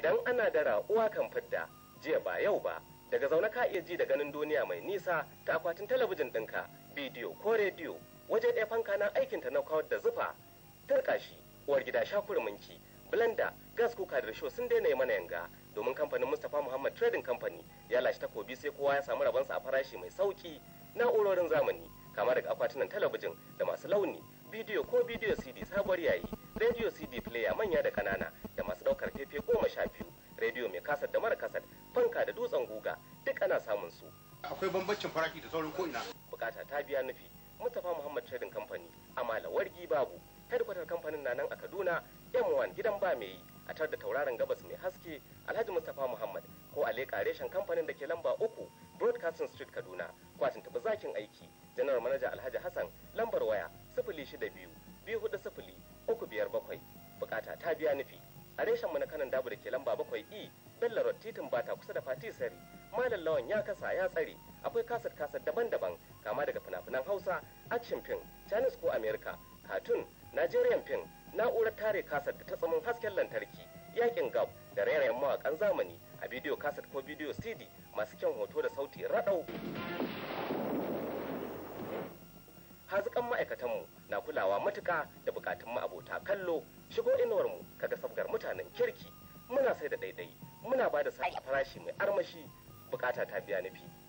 idan ana da ra'uwa kan fidda jiya ba yau ba daga zaune ka iya ji da ganin duniya mai nisa ta akwatin talabijin ɗinka bidiyo ko rediyo waje ɗaya fanka na aikinta na kawar da zufa turka shi uwar gida shakurminki blanda gas kuka da risho sun daina yi mana yanga domin kamfanin mustapha muhammad trading company ya lashe takobi sai kowa ya samu rabonsa a farashi mai sauki na'urorin zamani kama daga akwatunan talabijin da masu launi bidiyo ko bidiyo cd kasar da mara kasar fanka da dutsen guga duk ana samun su akwai bambancin faraki da sauran ko ina bukata ta biya nufi Mustapha Muhammad Trading Company Amala Wargi Babu headquarter kamfanin na nan a Kaduna M1 gidan ba mai a tar da tauraron gabas mai haske Alhaji Mustapha Muhammad ko a leƙa reshen kamfanin da ke lamba uku Broadcasting Street Kaduna kwatin tafi zakin aiki janar manaja Alhaji Hassan lambar waya sifili shida biyu biyu hudu sifili uku biyar bakwai bukata ta biya nufi a reshen mu na kanan dabu da ke lamba bakwai e bella road titin bata kusa da fati sari malam lawan ya kasa ya tsare akwai kaset kaset daban-daban kama daga finafinan hausa action film chinese ko america cartoon nigerian film na'urar tare kaset da ta tsamin hasken lantarki yakin gab da rairayin mawakan zamani a bidiyo kaset ko bidiyo cd masu kyan hoto da sauti raɗau hazikan ma'aikatanmu na kulawa matuka da bukatun ma'abota kallo shigo inuwarmu kaga sabgar mutanen kirki muna sai da daidai muna ba da farashi mai armashi bukata ta biya nufi